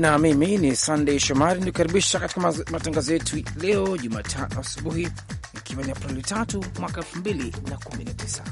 na mimi ni sandey Shomari nikukaribisha katika matangazo yetu leo Jumatano asubuhi, ikiwa ni Aprili tatu mwaka 2019.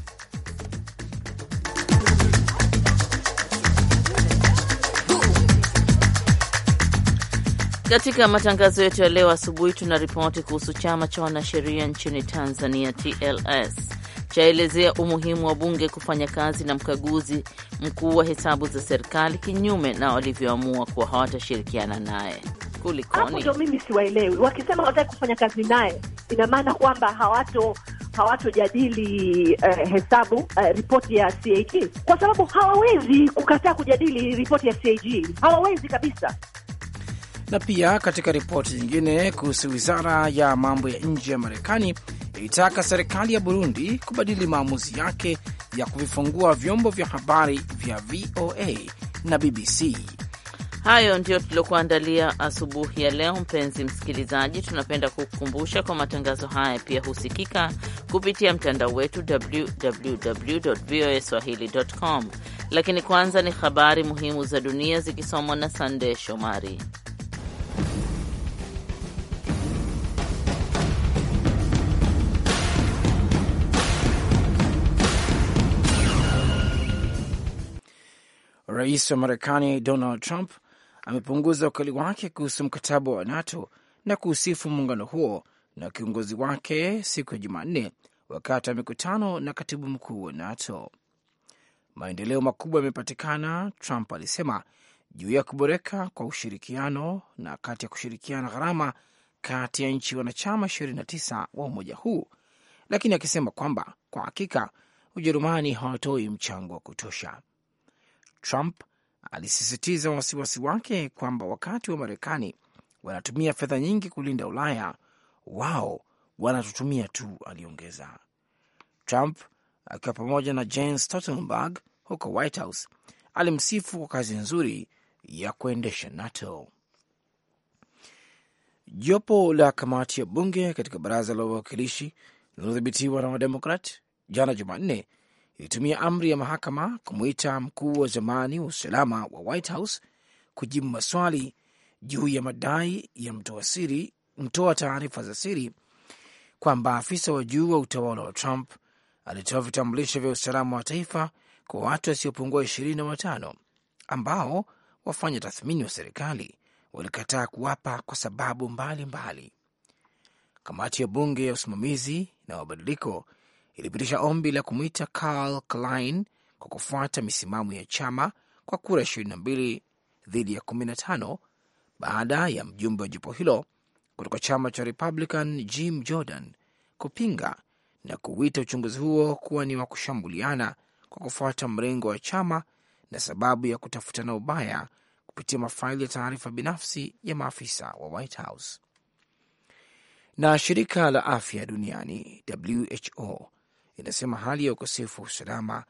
Katika matangazo yetu ya leo asubuhi tuna ripoti kuhusu chama cha wanasheria nchini Tanzania, TLS chaelezea umuhimu wa bunge kufanya kazi na mkaguzi mkuu wa hesabu za serikali kinyume na walivyoamua kuwa hawatashirikiana naye. Kulikoni? Hapo ndo mimi siwaelewi, wakisema hawataki kufanya kazi naye, ina maana kwamba hawato hawatojadili uh, hesabu uh, ripoti ya CAG kwa sababu hawawezi kukataa kujadili ripoti ya CAG, hawawezi kabisa. Na pia katika ripoti nyingine kuhusu wizara ya mambo ya nje ya Marekani ilitaka serikali ya Burundi kubadili maamuzi yake ya kuvifungua vyombo vya habari vya VOA na BBC. Hayo ndiyo tuliokuandalia asubuhi ya leo. Mpenzi msikilizaji, tunapenda kukukumbusha kwa matangazo haya pia husikika kupitia mtandao wetu www voa swahili com. Lakini kwanza ni habari muhimu za dunia zikisomwa na Sandey Shomari. Rais wa Marekani Donald Trump amepunguza ukali wake kuhusu mkataba wa NATO na kuusifu muungano huo na kiongozi wake siku ya Jumanne wakati wa mikutano na katibu mkuu wa NATO. Maendeleo makubwa yamepatikana, Trump alisema, juu ya kuboreka kwa ushirikiano na kati ya kushirikiana gharama kati ya nchi wanachama 29 wa umoja huu, lakini akisema kwamba kwa hakika Ujerumani hawatoi mchango wa kutosha. Trump alisisitiza wasiwasi wake kwamba wakati wa Marekani wanatumia fedha nyingi kulinda Ulaya, wao wanatutumia tu, aliongeza. Trump akiwa pamoja na Jens Stoltenberg huko White House alimsifu kwa kazi nzuri ya kuendesha NATO. Jopo la kamati ya bunge katika baraza la wawakilishi linalodhibitiwa na Wademokrat jana Jumanne ilitumia amri ya mahakama kumwita mkuu wa zamani wa usalama wa White House kujibu maswali juu ya madai ya mtoa siri mtoa taarifa za siri kwamba afisa wa juu wa utawala wa Trump alitoa vitambulisho vya usalama wa taifa kwa watu wasiopungua ishirini na watano ambao wafanya tathmini wa serikali walikataa kuwapa kwa sababu mbalimbali mbali. Kamati ya bunge ya usimamizi na mabadiliko ilipitisha ombi la kumwita Karl Klein kwa kufuata misimamo ya chama kwa kura 22 dhidi ya 15 baada ya mjumbe wa jopo hilo kutoka chama cha Republican Jim Jordan kupinga na kuwita uchunguzi huo kuwa ni wa kushambuliana kwa kufuata mrengo wa chama na sababu ya kutafutana ubaya kupitia mafaili ya taarifa binafsi ya maafisa wa White House. Na shirika la afya duniani WHO inasema hali ya ukosefu wa usalama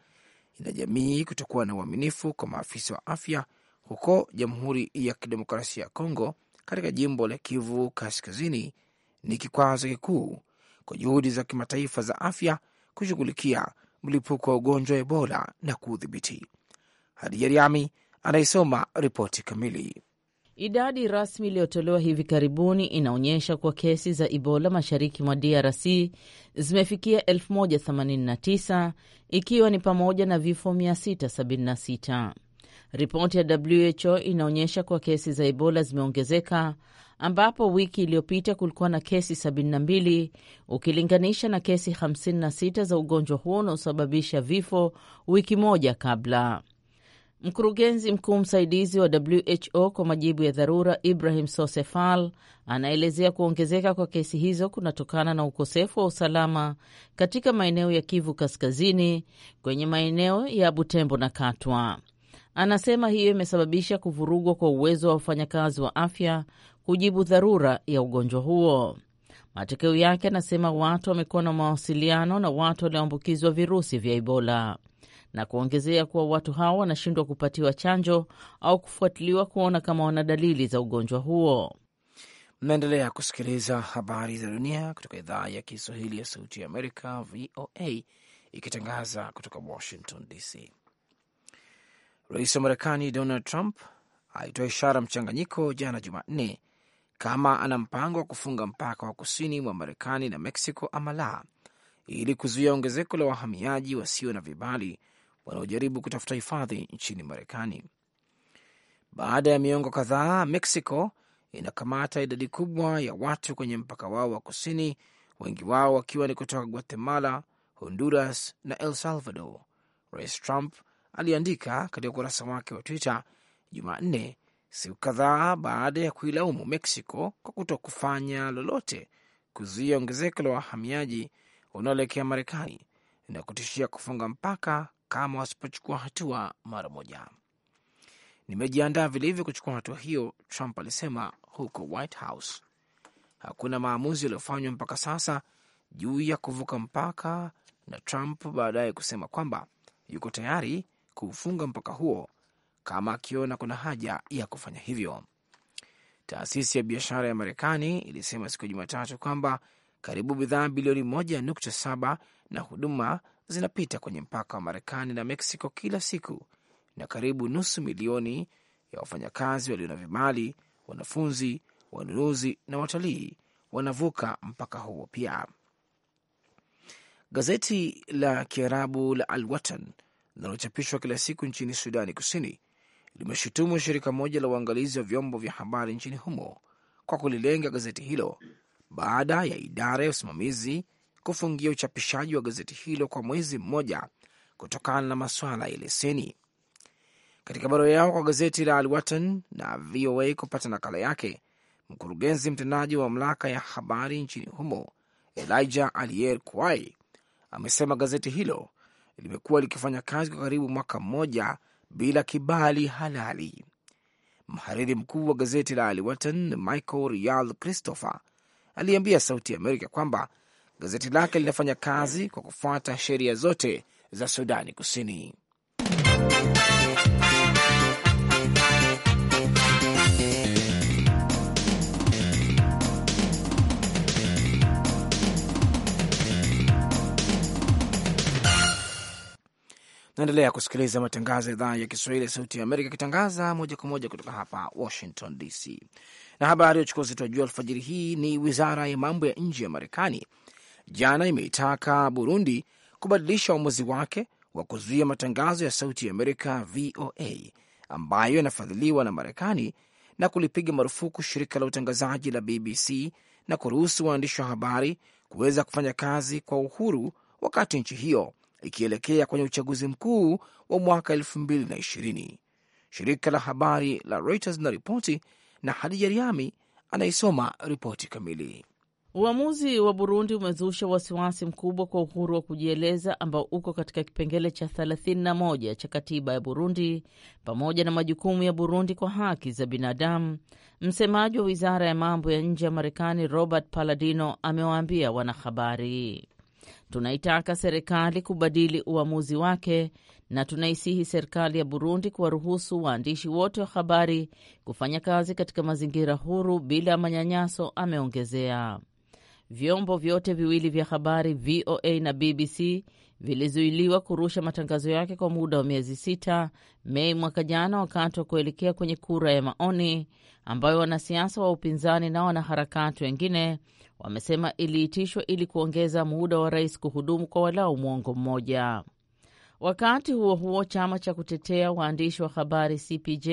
ina jamii kutokuwa na uaminifu kwa maafisa wa afya huko Jamhuri ya Kidemokrasia ya Kongo katika jimbo la Kivu Kaskazini ni kikwazo kikuu kwa juhudi za kimataifa za afya kushughulikia mlipuko wa ugonjwa wa Ebola na kuudhibiti. Hadija Riami anaisoma ripoti kamili. Idadi rasmi iliyotolewa hivi karibuni inaonyesha kuwa kesi za Ebola mashariki mwa DRC zimefikia 1089 ikiwa ni pamoja na vifo 676. Ripoti ya WHO inaonyesha kuwa kesi za Ebola zimeongezeka ambapo wiki iliyopita kulikuwa na kesi 72 ukilinganisha na kesi 56 za ugonjwa huo unaosababisha vifo wiki moja kabla. Mkurugenzi mkuu msaidizi wa WHO kwa majibu ya dharura Ibrahim Sosefal anaelezea kuongezeka kwa kesi hizo kunatokana na ukosefu wa usalama katika maeneo ya Kivu Kaskazini, kwenye maeneo ya Butembo na Katwa. Anasema hiyo imesababisha kuvurugwa kwa uwezo wa wafanyakazi wa afya kujibu dharura ya ugonjwa huo. Matokeo yake, anasema watu wamekuwa na mawasiliano na watu walioambukizwa virusi vya Ebola na kuongezea kuwa watu hao wanashindwa kupatiwa chanjo au kufuatiliwa kuona kama wana dalili za ugonjwa huo. Mnaendelea kusikiliza habari za dunia kutoka idhaa ya Kiswahili ya Sauti ya Amerika, VOA, ikitangaza kutoka Washington DC. Rais wa Marekani Donald Trump alitoa ishara mchanganyiko jana Jumanne kama ana mpango wa kufunga mpaka wa kusini mwa Marekani na Meksiko ama la, ili kuzuia ongezeko la wahamiaji wasio na vibali wanaojaribu kutafuta hifadhi nchini Marekani. Baada ya miongo kadhaa, Mexico inakamata idadi kubwa ya watu kwenye mpaka wao wa kusini, wengi wao wakiwa ni kutoka Guatemala, Honduras na el Salvador. Rais Trump aliandika katika ukurasa wake wa Twitter Jumanne, siku kadhaa baada ya kuilaumu Mexico kwa kufanya lolote kuzuia ongezeko la wahamiaji wanaoelekea Marekani na kutishia kufunga mpaka kama wasipochukua hatua mara moja. Nimejiandaa vilivyo kuchukua hatua hiyo, Trump alisema huko White House. Hakuna maamuzi yaliyofanywa mpaka sasa juu ya kuvuka mpaka, na Trump baadaye kusema kwamba yuko tayari kuufunga mpaka huo kama akiona kuna haja ya kufanya hivyo. Taasisi ya biashara ya Marekani ilisema siku ya Jumatatu kwamba karibu bidhaa bilioni 1.7 na huduma zinapita kwenye mpaka wa Marekani na Meksiko kila siku, na karibu nusu milioni ya wafanyakazi walio na vibali, wanafunzi, wanunuzi na watalii wanavuka mpaka huo. Pia gazeti la Kiarabu la Al Watan linalochapishwa kila siku nchini Sudani Kusini limeshutumu shirika moja la uangalizi wa vyombo vya habari nchini humo kwa kulilenga gazeti hilo baada ya idara ya usimamizi kufungia uchapishaji wa gazeti hilo kwa mwezi mmoja kutokana na maswala ya leseni. Katika barua yao kwa gazeti la Alwatan na VOA kupata nakala yake, mkurugenzi mtendaji wa mamlaka ya habari nchini humo Elijah Alier Kuai amesema gazeti hilo limekuwa likifanya kazi kwa karibu mwaka mmoja bila kibali halali. Mhariri mkuu wa gazeti la Alwatan Michael Rial Christopher aliambia Sauti ya Amerika kwamba gazeti lake linafanya kazi kwa kufuata sheria zote za Sudani Kusini. Naendelea kusikiliza matangazo ya idhaa ya Kiswahili ya Sauti ya Amerika ikitangaza moja kwa moja kutoka hapa Washington DC. Na habari ya uchukuzi tuajua alfajiri hii ni wizara ya mambo ya nje ya Marekani jana imeitaka Burundi kubadilisha uamuzi wake wa kuzuia matangazo ya Sauti ya Amerika VOA ambayo yanafadhiliwa na Marekani na kulipiga marufuku shirika la utangazaji la BBC na kuruhusu waandishi wa habari kuweza kufanya kazi kwa uhuru wakati nchi hiyo ikielekea kwenye uchaguzi mkuu wa mwaka 2020. Shirika la habari la Reuters na ripoti na Hadija Riami anaisoma ripoti kamili. Uamuzi wa Burundi umezusha wasiwasi mkubwa kwa uhuru wa kujieleza ambao uko katika kipengele cha 31 cha katiba ya Burundi pamoja na majukumu ya Burundi kwa haki za binadamu. Msemaji wa wizara ya mambo ya nje ya Marekani Robert Paladino amewaambia wanahabari, tunaitaka serikali kubadili uamuzi wake na tunaisihi serikali ya Burundi kuwaruhusu waandishi wote wa habari kufanya kazi katika mazingira huru bila manyanyaso, ameongezea. Vyombo vyote viwili vya habari VOA na BBC vilizuiliwa kurusha matangazo yake kwa muda wa miezi sita Mei mwaka jana, wakati wa kuelekea kwenye kura ya maoni ambayo wanasiasa wa upinzani na wanaharakati wengine wamesema iliitishwa ili kuongeza muda wa rais kuhudumu kwa walau mwongo mmoja. Wakati huo huo, chama cha kutetea waandishi wa habari CPJ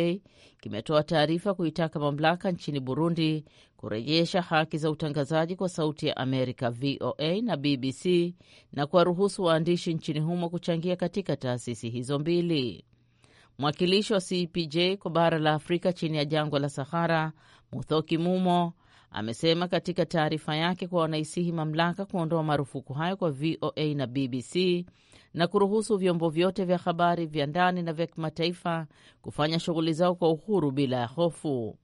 kimetoa taarifa kuitaka mamlaka nchini Burundi kurejesha haki za utangazaji kwa Sauti ya Amerika VOA na BBC na kuwaruhusu waandishi nchini humo kuchangia katika taasisi hizo mbili. Mwakilishi wa CPJ kwa bara la Afrika chini ya jangwa la Sahara, Muthoki Mumo, amesema katika taarifa yake kuwa wanaisihi mamlaka kuondoa marufuku hayo kwa VOA na BBC na kuruhusu vyombo vyote vya habari vya ndani na vya kimataifa kufanya shughuli zao kwa uhuru bila ya hofu.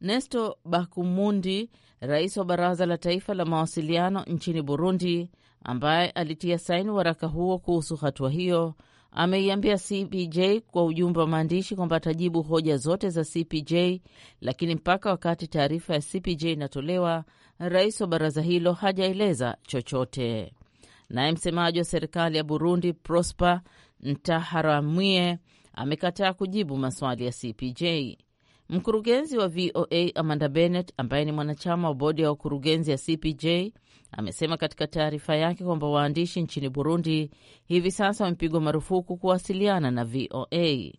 Nesto Bakumundi, rais wa Baraza la Taifa la Mawasiliano nchini Burundi, ambaye alitia saini waraka huo kuhusu hatua hiyo, ameiambia CPJ kwa ujumbe wa maandishi kwamba atajibu hoja zote za CPJ, lakini mpaka wakati taarifa ya CPJ inatolewa, rais wa baraza hilo hajaeleza chochote. Naye msemaji wa serikali ya Burundi Prosper Ntaharamwie amekataa kujibu maswali ya CPJ. Mkurugenzi wa VOA Amanda Bennett ambaye ni mwanachama wa bodi ya wakurugenzi ya CPJ amesema katika taarifa yake kwamba waandishi nchini Burundi hivi sasa wamepigwa marufuku kuwasiliana na VOA.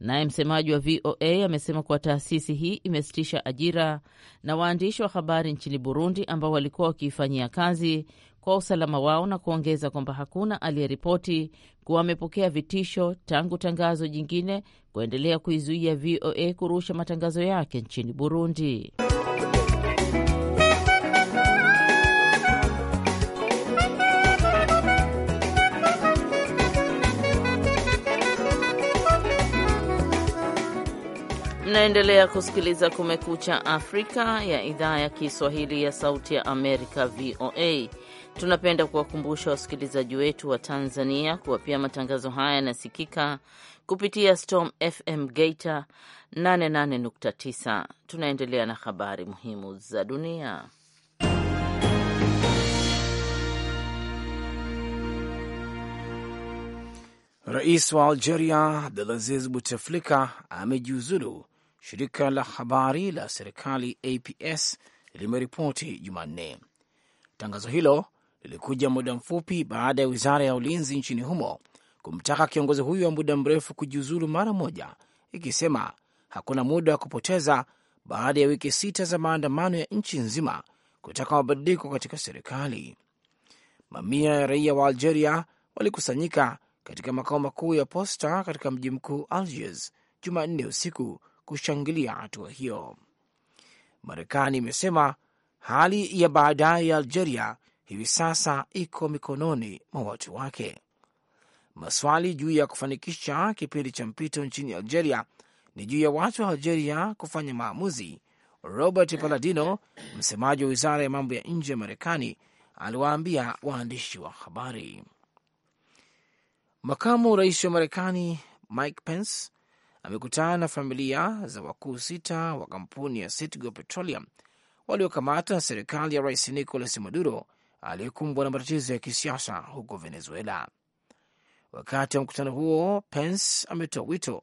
Naye msemaji wa VOA amesema kuwa taasisi hii imesitisha ajira na waandishi wa habari nchini Burundi ambao walikuwa wakiifanyia kazi kwa usalama wao na kuongeza kwamba hakuna aliyeripoti kuwa amepokea vitisho tangu tangazo jingine kuendelea kuizuia VOA kurusha matangazo yake nchini Burundi. Mnaendelea kusikiliza Kumekucha Afrika ya idhaa ya Kiswahili ya Sauti ya Amerika, VOA. Tunapenda kuwakumbusha wasikilizaji wetu wa Tanzania kuwa pia matangazo haya yanasikika kupitia Storm FM Geita 88.9. Tunaendelea na habari muhimu za dunia. Rais wa Algeria Abdelaziz Buteflika amejiuzulu, shirika la habari la serikali APS limeripoti Jumanne. Tangazo hilo lilikuja muda mfupi baada ya wizara ya ulinzi nchini humo kumtaka kiongozi huyo wa muda mrefu kujiuzulu mara moja, ikisema hakuna muda wa kupoteza baada ya wiki sita za maandamano ya nchi nzima kutaka mabadiliko katika serikali. Mamia ya raia wa Algeria walikusanyika katika makao makuu ya posta katika mji mkuu Algiers Jumanne usiku kushangilia hatua hiyo. Marekani imesema hali ya baadaye ya Algeria hivi sasa iko mikononi mwa watu wake. Maswali juu ya kufanikisha kipindi cha mpito nchini Algeria ni juu ya watu wa Algeria kufanya maamuzi. Robert Paladino, msemaji wa wizara ya mambo ya nje ya Marekani, aliwaambia waandishi wa habari. Makamu rais wa Marekani Mike Pence amekutana na familia za wakuu sita wa kampuni ya Citgo Petroleum waliokamatwa na serikali ya rais Nicolas Maduro aliyekumbwa na matatizo ya kisiasa huko Venezuela. Wakati wa mkutano huo, Pence ametoa wito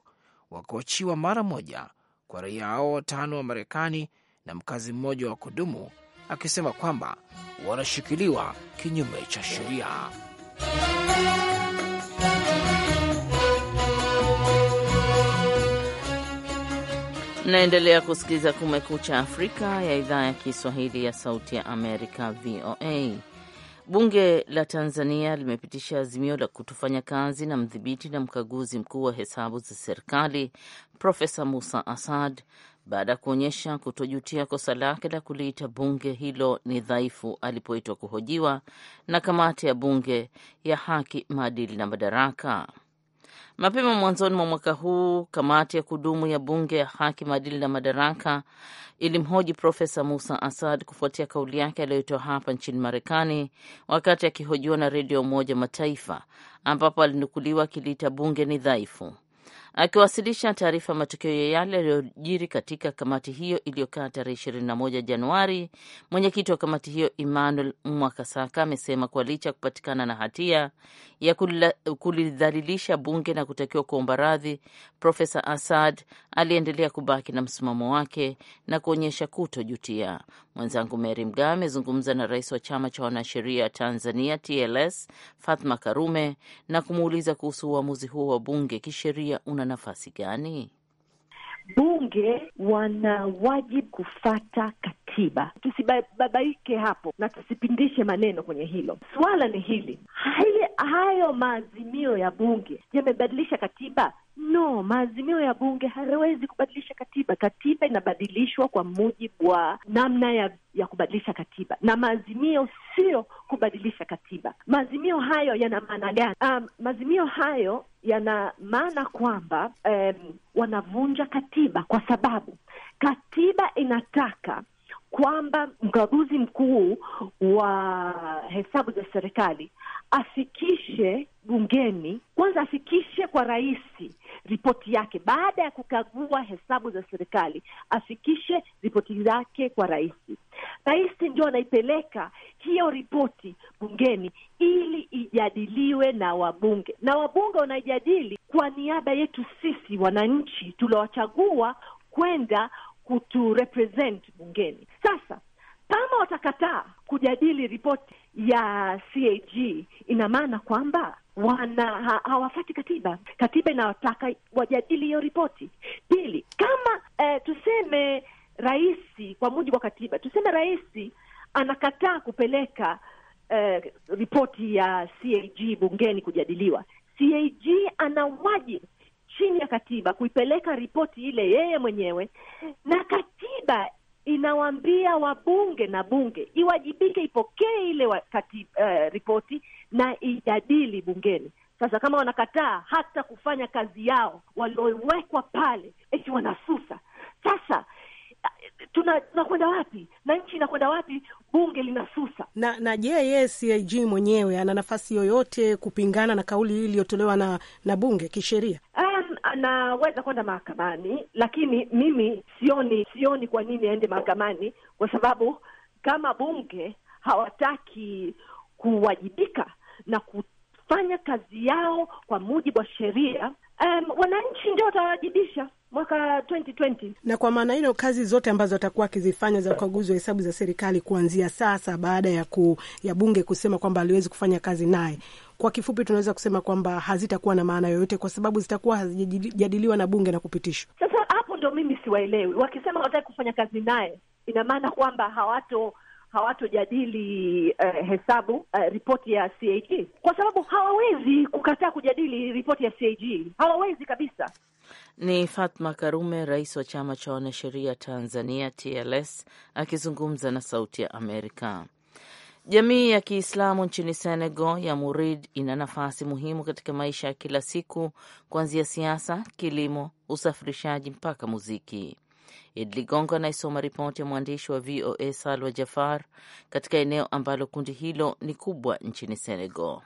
wa kuachiwa mara moja kwa raia hao watano wa Marekani na mkazi mmoja wa kudumu, akisema kwamba wanashikiliwa kinyume cha sheria. Mnaendelea kusikiliza Kumekucha Afrika ya idhaa ya Kiswahili ya Sauti ya Amerika, VOA. Bunge la Tanzania limepitisha azimio la kutofanya kazi na mdhibiti na mkaguzi mkuu wa hesabu za serikali Profesa Musa Asad baada ya kuonyesha kutojutia kosa lake la kuliita bunge hilo ni dhaifu alipoitwa kuhojiwa na kamati ya bunge ya haki, maadili na madaraka. Mapema mwanzoni mwa mwaka huu, kamati ya kudumu ya bunge ya haki, maadili na madaraka ilimhoji Profesa Musa Asad kufuatia kauli yake aliyoitoa hapa nchini Marekani wakati akihojiwa na redio ya Umoja Mataifa, ambapo alinukuliwa akiliita bunge ni dhaifu akiwasilisha taarifa ya matukio ya yale yaliyojiri katika kamati hiyo iliyokaa tarehe 21 Januari, mwenyekiti wa kamati hiyo Emmanuel Mwakasaka amesema kuwa licha ya kupatikana na hatia ya kulidhalilisha bunge na kutakiwa kuomba radhi, Profesa Assad aliendelea kubaki na msimamo wake na kuonyesha kutojutia. Mwenzangu Meri Mgawe amezungumza na rais wa chama cha wanasheria Tanzania TLS Fatma Karume na kumuuliza kuhusu uamuzi huo wa bunge kisheria una nafasi gani? Bunge wana wajibu kufata katiba, tusibabaike hapo na tusipindishe maneno kwenye hilo suala. Ni hili hayo maazimio ya bunge yamebadilisha katiba No, maazimio ya bunge hayawezi kubadilisha katiba. Katiba inabadilishwa kwa mujibu wa namna ya, ya kubadilisha katiba, na maazimio sio kubadilisha katiba. Maazimio hayo yana maana gani? Um, maazimio hayo yana maana kwamba um, wanavunja katiba kwa sababu katiba inataka kwamba mkaguzi mkuu wa hesabu za serikali afikishe bungeni kwanza, afikishe kwa rais ripoti yake baada ya kukagua hesabu za serikali, afikishe ripoti zake kwa rais. Rais ndio anaipeleka hiyo ripoti bungeni ili ijadiliwe na wabunge, na wabunge wanaijadili kwa niaba yetu sisi wananchi tuliowachagua kwenda kuturepresent bungeni. Sasa kama watakataa kujadili ripoti ya CAG, ina maana kwamba wana hawafati katiba. Katiba inawataka wajadili hiyo ripoti. Pili, kama eh, tuseme rais, kwa mujibu wa katiba, tuseme rais anakataa kupeleka eh, ripoti ya CAG bungeni kujadiliwa, CAG ana wajibu chini ya katiba kuipeleka ripoti ile yeye mwenyewe, na katiba inawaambia wabunge na bunge iwajibike, ipokee ile wakati, uh, eh, ripoti na ijadili bungeni. Sasa kama wanakataa hata kufanya kazi yao waliowekwa pale, eti wanasusa sasa tunakwenda tuna wapi na nchi inakwenda wapi? Bunge linasusa na na. Je, yeye CAG mwenyewe ana nafasi yoyote kupingana na kauli hii iliyotolewa na na bunge kisheria? Um, anaweza kwenda mahakamani, lakini mimi sioni sioni kwa nini aende mahakamani, kwa sababu kama bunge hawataki kuwajibika na kufanya kazi yao kwa mujibu wa sheria Um, wananchi ndio watawajibisha mwaka 2020. Na kwa maana hilo, kazi zote ambazo atakuwa akizifanya za ukaguzi wa hesabu za serikali kuanzia sasa, baada ya ku, ya bunge kusema kwamba aliwezi kufanya kazi naye, kwa kifupi tunaweza kusema kwamba hazitakuwa na maana yoyote, kwa sababu zitakuwa hazijajadiliwa na bunge na kupitishwa. Sasa hapo ndo mimi siwaelewi, wakisema hawataki kufanya kazi naye, ina maana kwamba hawato hawatojadili uh, eh, hesabu uh, ripoti ya CAG kwa sababu hawawezi kukataa kujadili ripoti ya CAG, hawawezi kabisa. Ni Fatma Karume, rais wa chama cha wanasheria Tanzania TLS, akizungumza na Sauti ya Amerika. Jamii ya Kiislamu nchini Senegal ya Murid ina nafasi muhimu katika maisha ya kila siku, kuanzia siasa, kilimo, usafirishaji mpaka muziki. Id Ligongo anayesoma ripoti ya mwandishi wa VOA Salwa Jafar katika eneo ambalo kundi hilo ni kubwa nchini Senegal.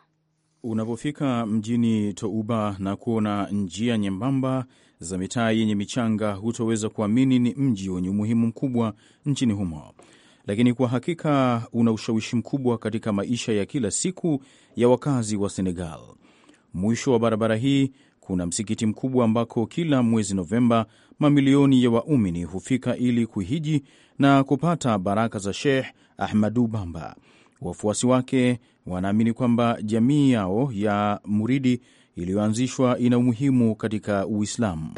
Unapofika mjini Touba na kuona njia nyembamba za mitaa yenye michanga, hutoweza kuamini ni mji wenye umuhimu mkubwa nchini humo, lakini kwa hakika una ushawishi mkubwa katika maisha ya kila siku ya wakazi wa Senegal. Mwisho wa barabara hii kuna msikiti mkubwa ambako kila mwezi Novemba mamilioni ya waumini hufika ili kuhiji na kupata baraka za Sheikh Ahmadu Bamba. Wafuasi wake wanaamini kwamba jamii yao ya muridi iliyoanzishwa ina umuhimu katika Uislamu.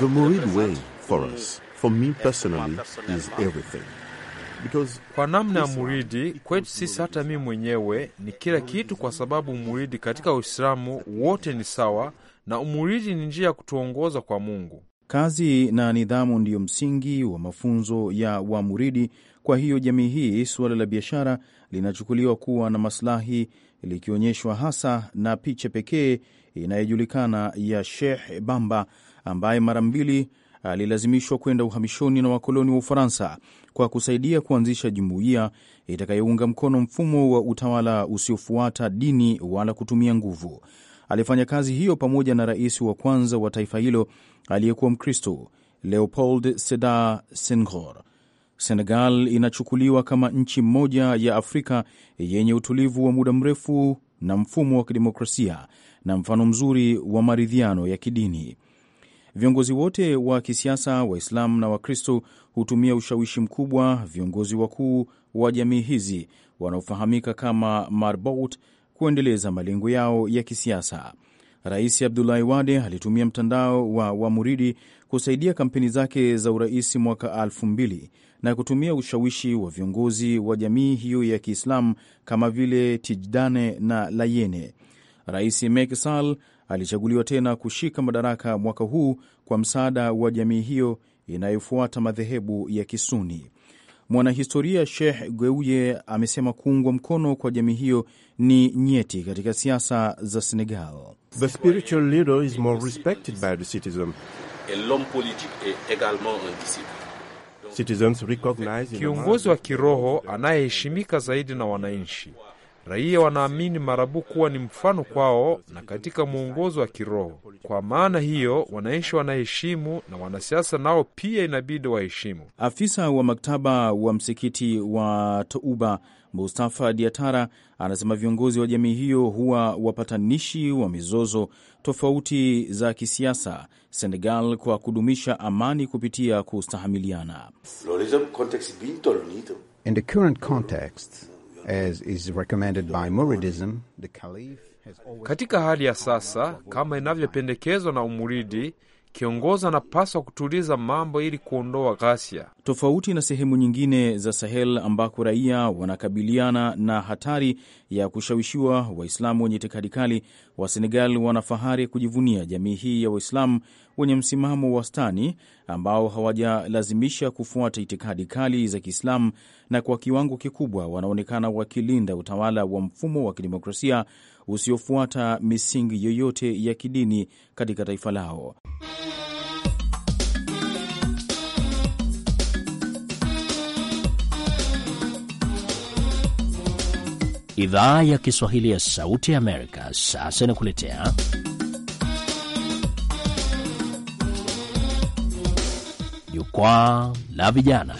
The Murid way for us, for me personally, is everything kwa namna ya muridi kwetu sisi, hata mimi mwenyewe ni kila kitu, kwa sababu muridi katika Uislamu wote ni sawa, na umuridi ni njia ya kutuongoza kwa Mungu. Kazi na nidhamu ndiyo msingi wa mafunzo ya wamuridi. Kwa hiyo jamii hii, suala la biashara linachukuliwa kuwa na maslahi, likionyeshwa hasa na picha pekee inayojulikana ya Sheikh Bamba ambaye mara mbili alilazimishwa kwenda uhamishoni na wakoloni wa Ufaransa kwa kusaidia kuanzisha jumuiya itakayounga mkono mfumo wa utawala usiofuata dini wala kutumia nguvu. Alifanya kazi hiyo pamoja na rais wa kwanza wa taifa hilo aliyekuwa Mkristo, Leopold Sedar Senghor. Senegal inachukuliwa kama nchi moja ya Afrika yenye utulivu wa muda mrefu na mfumo wa kidemokrasia na mfano mzuri wa maridhiano ya kidini. Viongozi wote wa kisiasa, Waislamu na Wakristo, hutumia ushawishi mkubwa. Viongozi wakuu wa jamii hizi wanaofahamika kama marbout kuendeleza malengo yao ya kisiasa. Rais Abdulahi Wade alitumia mtandao wa Wamuridi kusaidia kampeni zake za urais mwaka elfu mbili na kutumia ushawishi wa viongozi wa jamii hiyo ya Kiislamu kama vile Tijdane na Layene. Rais Macky Sall alichaguliwa tena kushika madaraka mwaka huu kwa msaada wa jamii hiyo inayofuata madhehebu ya Kisuni. Mwanahistoria Sheikh geuye amesema kuungwa mkono kwa jamii hiyo ni nyeti katika siasa za Senegal. The spiritual leader is more respected by the citizen. Citizens recognize kiongozi wa kiroho anayeheshimika zaidi na wananchi Raia wanaamini marabu kuwa ni mfano kwao na katika mwongozo wa kiroho. Kwa maana hiyo, wananchi wanaheshimu na wanasiasa nao pia inabidi waheshimu. Afisa wa maktaba wa msikiti wa Touba Mustafa Diatara anasema viongozi wa jamii hiyo huwa wapatanishi wa mizozo tofauti za kisiasa Senegal kwa kudumisha amani kupitia kustahamiliana. In the current context As is recommended by Muridism, the Caliph has always... Katika hali ya sasa kama inavyopendekezwa na Umuridi Kiongozi anapaswa kutuliza mambo ili kuondoa ghasia. Tofauti na sehemu nyingine za Sahel ambako raia wanakabiliana na hatari ya kushawishiwa, Waislamu wenye itikadi kali wa Senegal wana fahari ya kujivunia jamii hii ya Waislamu wenye msimamo wastani ambao hawajalazimisha kufuata itikadi kali za Kiislamu, na kwa kiwango kikubwa wanaonekana wakilinda utawala wa mfumo wa kidemokrasia usiofuata misingi yoyote ya kidini katika taifa lao. Idhaa ya Kiswahili ya Sauti ya Amerika sasa inakuletea jukwaa la vijana.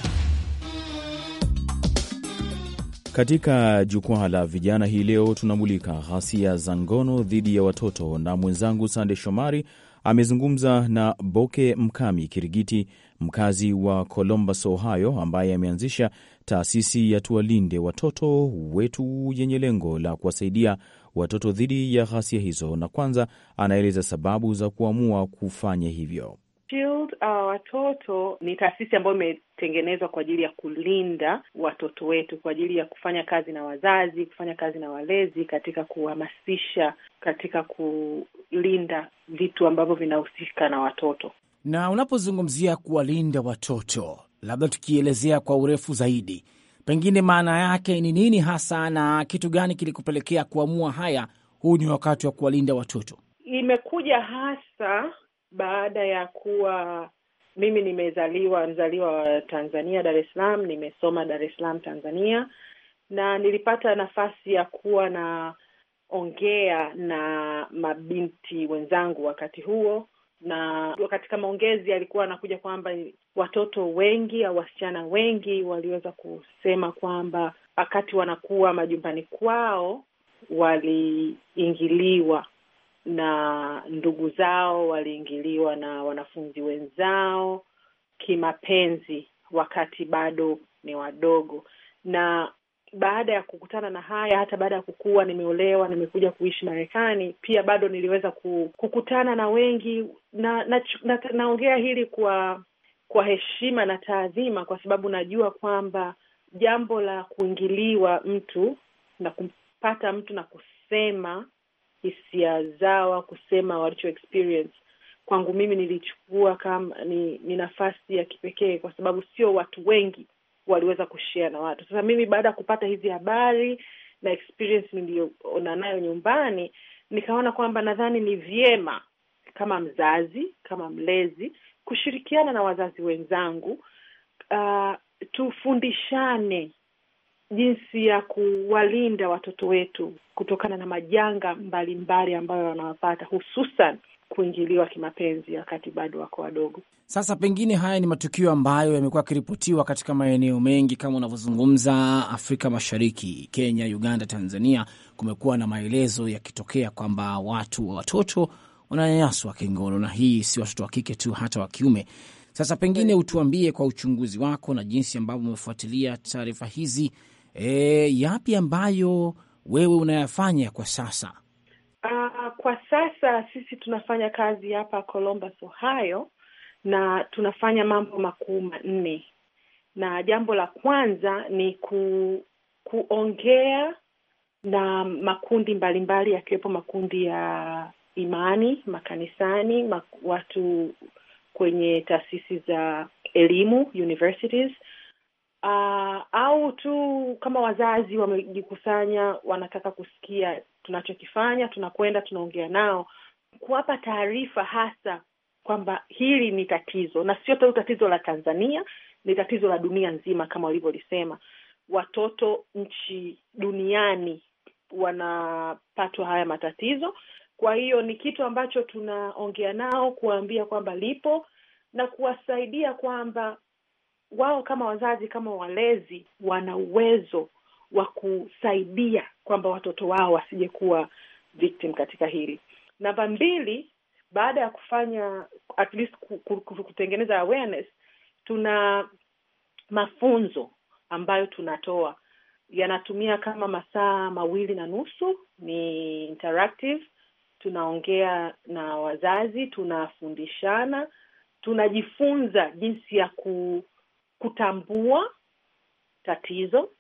Katika jukwaa la vijana hii leo tunamulika ghasia za ngono dhidi ya watoto, na mwenzangu Sande Shomari amezungumza na Boke Mkami Kirigiti, mkazi wa Columbus, Ohio, ambaye ameanzisha taasisi ya Tuwalinde Watoto Wetu yenye lengo la kuwasaidia watoto dhidi ya ghasia hizo, na kwanza anaeleza sababu za kuamua kufanya hivyo. Shield uh, watoto ni taasisi ambayo imetengenezwa kwa ajili ya kulinda watoto wetu, kwa ajili ya kufanya kazi na wazazi, kufanya kazi na walezi katika kuhamasisha, katika kulinda vitu ambavyo vinahusika na watoto. Na unapozungumzia kuwalinda watoto, labda tukielezea kwa urefu zaidi, pengine maana yake ni nini hasa na kitu gani kilikupelekea kuamua haya, huu ni wakati wa kuwalinda watoto? Imekuja hasa baada ya kuwa mimi nimezaliwa mzaliwa wa Tanzania, Dar es Salaam, nimesoma Dar es Salaam Tanzania, na nilipata nafasi ya kuwa na ongea na mabinti wenzangu wakati huo, na katika maongezi alikuwa anakuja kwamba watoto wengi au wasichana wengi waliweza kusema kwamba wakati wanakuwa majumbani kwao waliingiliwa na ndugu zao, waliingiliwa na wanafunzi wenzao kimapenzi wakati bado ni wadogo. Na baada ya kukutana na haya, hata baada ya kukua, nimeolewa, nimekuja kuishi Marekani, pia bado niliweza kukutana na wengi, na naongea na, na hili kwa kwa heshima na taadhima, kwa sababu najua kwamba jambo la kuingiliwa mtu na kumpata mtu na kusema hisia zao, kusema walicho experience. Kwangu mimi nilichukua kama ni, ni nafasi ya kipekee kwa sababu sio watu wengi waliweza kushea na watu. Sasa mimi baada ya kupata hizi habari na experience niliyoona nayo nyumbani, nikaona kwamba nadhani ni vyema kama mzazi, kama mlezi kushirikiana na wazazi wenzangu uh, tufundishane jinsi ya kuwalinda watoto wetu kutokana na majanga mbalimbali mbali ambayo wanawapata hususan kuingiliwa kimapenzi wakati bado wako wadogo. Sasa pengine haya ni matukio ambayo yamekuwa yakiripotiwa katika maeneo mengi kama unavyozungumza, Afrika Mashariki, Kenya, Uganda, Tanzania, kumekuwa na maelezo yakitokea kwamba watu wa watoto wananyanyaswa kingono, na hii si watoto wa kike tu, hata wa kiume. Sasa pengine utuambie kwa uchunguzi wako na jinsi ambavyo umefuatilia taarifa hizi, e, yapi ambayo wewe unayafanya kwa sasa? Uh, kwa sasa sisi tunafanya kazi hapa Columbus, Ohio na tunafanya mambo makuu manne, na jambo la kwanza ni ku, kuongea na makundi mbalimbali yakiwepo makundi ya imani makanisani, mak, watu kwenye taasisi za elimu universities, uh, au tu kama wazazi wamejikusanya, wanataka kusikia tunachokifanya, tunakwenda tunaongea nao, kuwapa taarifa hasa kwamba hili ni tatizo na sio tu tatizo la Tanzania, ni tatizo la dunia nzima. Kama walivyolisema, watoto nchi duniani wanapatwa haya matatizo. Kwa hiyo ni kitu ambacho tunaongea nao, kuwaambia kwamba lipo na kuwasaidia kwamba wao kama wazazi, kama walezi, wana uwezo wa kusaidia kwamba watoto wao wasije kuwa victim katika hili. Namba mbili, baada ya kufanya at least kutengeneza awareness, tuna mafunzo ambayo tunatoa yanatumia kama masaa mawili na nusu, ni interactive. Tunaongea na wazazi, tunafundishana, tunajifunza jinsi ya ku kutambua tatizo,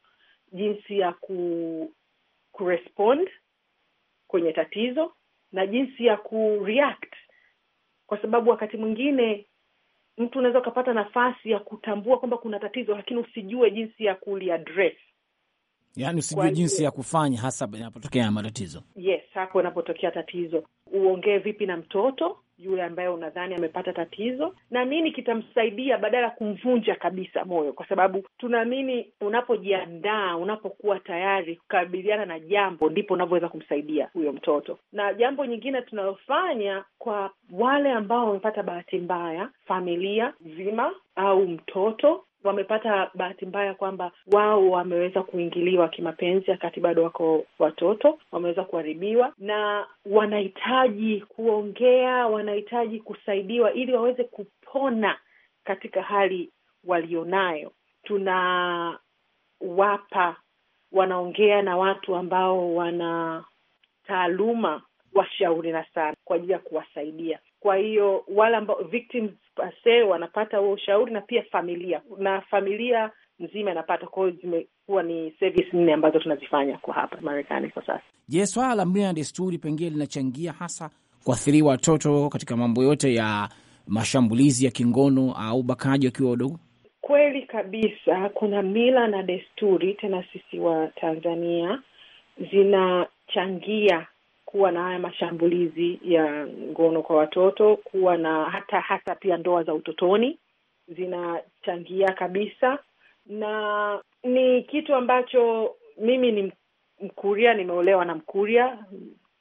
jinsi ya ku kurespond kwenye tatizo na jinsi ya kureact, kwa sababu wakati mwingine mtu unaweza ukapata nafasi ya kutambua kwamba kuna tatizo, lakini usijue jinsi ya kuliaddress, yaani usijue jinsi ya kufanya hasa inapotokea matatizo. Yes, hapo inapotokea tatizo, uongee vipi na mtoto yule ambaye unadhani amepata tatizo na nini kitamsaidia badala ya kumvunja kabisa moyo, kwa sababu tunaamini unapojiandaa, unapokuwa tayari kukabiliana na jambo, ndipo unavyoweza kumsaidia huyo mtoto. Na jambo nyingine tunalofanya kwa wale ambao wamepata bahati mbaya, familia nzima au mtoto wamepata bahati mbaya kwamba wao wameweza kuingiliwa kimapenzi wakati bado wako watoto, wameweza kuharibiwa na wanahitaji kuongea, wanahitaji kusaidiwa ili waweze kupona katika hali walionayo. Tunawapa, wanaongea na watu ambao wana taaluma, washauri na sana kwa ajili ya kuwasaidia. Kwa hiyo wale ambao victims wanapata huo ushauri na pia familia na familia nzima inapata. Kwa hiyo zimekuwa ni service nne ambazo tunazifanya kwa hapa Marekani kwa sasa. Je, swala la mila na desturi pengine linachangia hasa kuathiriwa watoto katika mambo yote ya mashambulizi ya kingono au ubakaji wakiwa wadogo? Kweli kabisa, kuna mila na desturi, tena sisi wa Tanzania zinachangia kuwa na haya mashambulizi ya ngono kwa watoto, kuwa na hata hata pia ndoa za utotoni zinachangia kabisa, na ni kitu ambacho mimi ni Mkuria, nimeolewa na Mkuria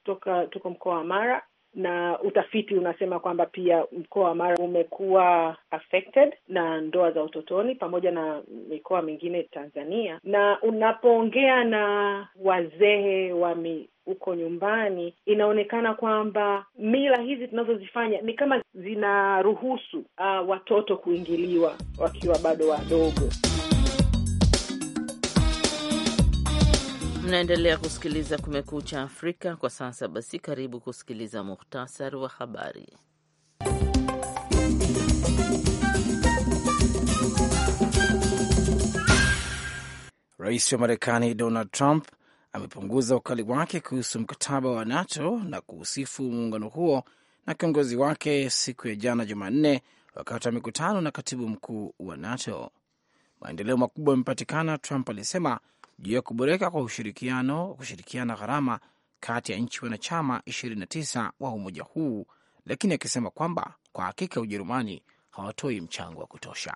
toka tuko mkoa wa Mara na utafiti unasema kwamba pia mkoa wa Mara umekuwa affected na ndoa za utotoni pamoja na mikoa mingine Tanzania. Na unapoongea na wazee wa huko nyumbani inaonekana kwamba mila hizi tunazozifanya ni kama zinaruhusu uh, watoto kuingiliwa wakiwa bado wadogo. Mnaendelea kusikiliza Kumekucha Afrika kwa sasa. Basi karibu kusikiliza muhtasari wa habari. Rais wa Marekani Donald Trump amepunguza ukali wake kuhusu mkataba wa NATO na kuhusifu muungano huo na kiongozi wake siku ya jana Jumanne, wakati wa mikutano na katibu mkuu wa NATO. Maendeleo makubwa yamepatikana, Trump alisema, juu ya kuboreka kwa ushirikiano wa kushirikiana gharama kati ya nchi wanachama 29 wa umoja huu, lakini akisema kwamba kwa hakika Ujerumani hawatoi mchango wa kutosha.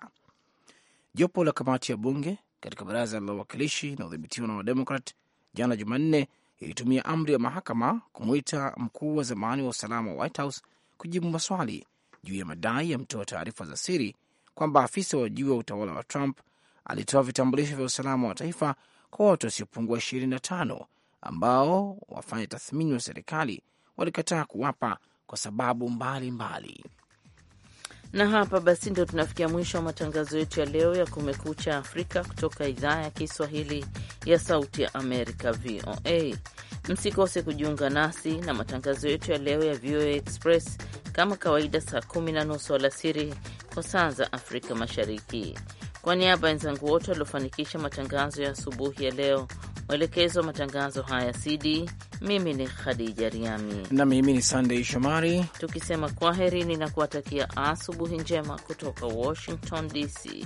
Jopo la kamati ya bunge katika baraza la wawakilishi udhibitiwa na Wademokrat jana Jumanne ilitumia amri ya mahakama kumwita mkuu wa zamani wa usalama wa White House kujibu maswali juu ya madai ya mtoa taarifa za siri kwamba afisa wa juu wa utawala wa Trump alitoa vitambulisho vya usalama wa taifa kwa watu wasiopungua 25 ambao wafanya tathmini wa serikali walikataa kuwapa kwa sababu mbalimbali mbali. Na hapa basi ndio tunafikia mwisho wa matangazo yetu ya leo ya Kumekucha Afrika kutoka idhaa ya Kiswahili ya Sauti ya Amerika, VOA. Msikose kujiunga nasi na matangazo yetu ya leo ya VOA Express kama kawaida, saa kumi na nusu alasiri kwa saa za Afrika Mashariki. Kwa niaba ya wenzangu wote waliofanikisha matangazo ya asubuhi ya leo, mwelekezo wa matangazo haya CD, mimi ni Khadija Riami na mimi ni Sandei Shomari, tukisema kwaherini na kuwatakia asubuhi njema kutoka Washington DC.